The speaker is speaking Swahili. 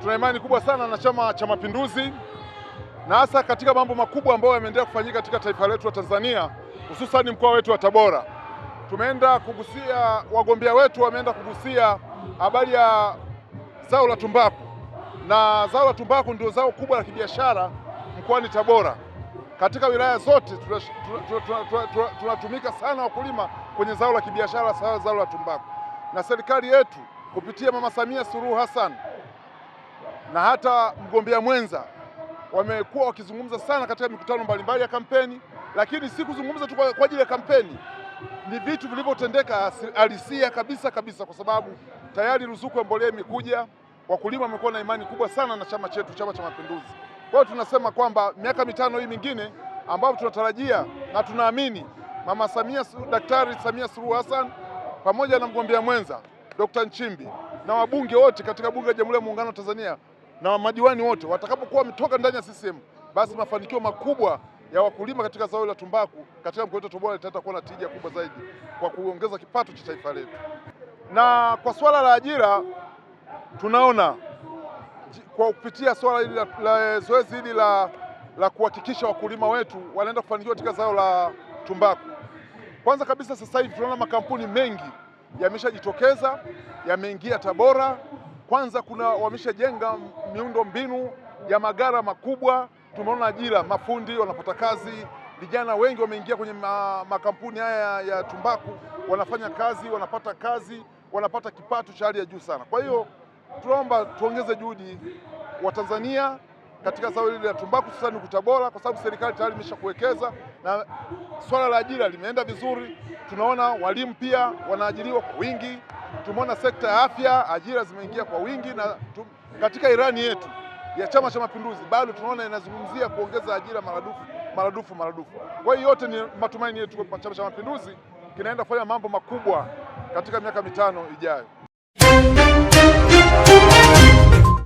tuna imani kubwa sana na Chama cha Mapinduzi na hasa katika mambo makubwa ambayo yameendelea kufanyika katika taifa letu la Tanzania, hususan mkoa wetu wa Tabora. Tumeenda kugusia, wagombea wetu wameenda kugusia habari ya zao la tumbaku, na zao la tumbaku ndio zao kubwa la kibiashara mkoani Tabora. Katika wilaya zote tunatumika sana wakulima kwenye zao la kibiashara, zao la tumbaku, na serikali yetu kupitia Mama Samia Suluhu Hassan na hata mgombea mwenza wamekuwa wakizungumza sana katika mikutano mbalimbali ya kampeni, lakini si kuzungumza tu kwa ajili ya kampeni, ni vitu vilivyotendeka halisia kabisa kabisa, kwa sababu tayari ruzuku ya mbolea imekuja, wakulima wamekuwa na imani kubwa sana na chama chetu, Chama cha Mapinduzi. Kwa hiyo tunasema kwamba miaka mitano hii mingine ambapo tunatarajia na tunaamini Mama Samia, Daktari Samia Suluhu Hassan pamoja na mgombea mwenza Dr. Nchimbi na wabunge wote katika Bunge la Jamhuri ya Muungano wa Tanzania na madiwani wote watakapokuwa wametoka ndani ya CCM, basi mafanikio makubwa ya wakulima katika zao la tumbaku katika mkoa wetu Tabora litaweza kuwa na tija kubwa zaidi kwa kuongeza kipato cha taifa letu. Na kwa swala la ajira tunaona kwa kupitia swala hili la zoezi hili la, la kuhakikisha wakulima wetu wanaenda kufanikiwa katika zao la tumbaku. Kwanza kabisa sasa hivi tunaona makampuni mengi yameshajitokeza yameingia Tabora kwanza kuna wameshajenga miundo mbinu ya magara makubwa, tumeona ajira, mafundi wanapata kazi, vijana wengi wameingia kwenye ma, makampuni haya ya tumbaku, wanafanya kazi, wanapata kazi, wanapata kipato cha hali ya juu sana. Kwa hiyo tunaomba tuongeze juhudi wa Tanzania katika zao hili la tumbaku, hususani Kutabora, kwa sababu serikali tayari imeshakuwekeza na swala la ajira limeenda vizuri. Tunaona walimu pia wanaajiriwa kwa wingi tumeona sekta ya afya, ajira zimeingia kwa wingi na tum, katika irani yetu ya Chama cha Mapinduzi bado tunaona inazungumzia kuongeza ajira maradufu maradufu maradufu. Kwa hiyo yote ni matumaini yetu kwa Chama cha Mapinduzi kinaenda kufanya mambo makubwa katika miaka mitano ijayo.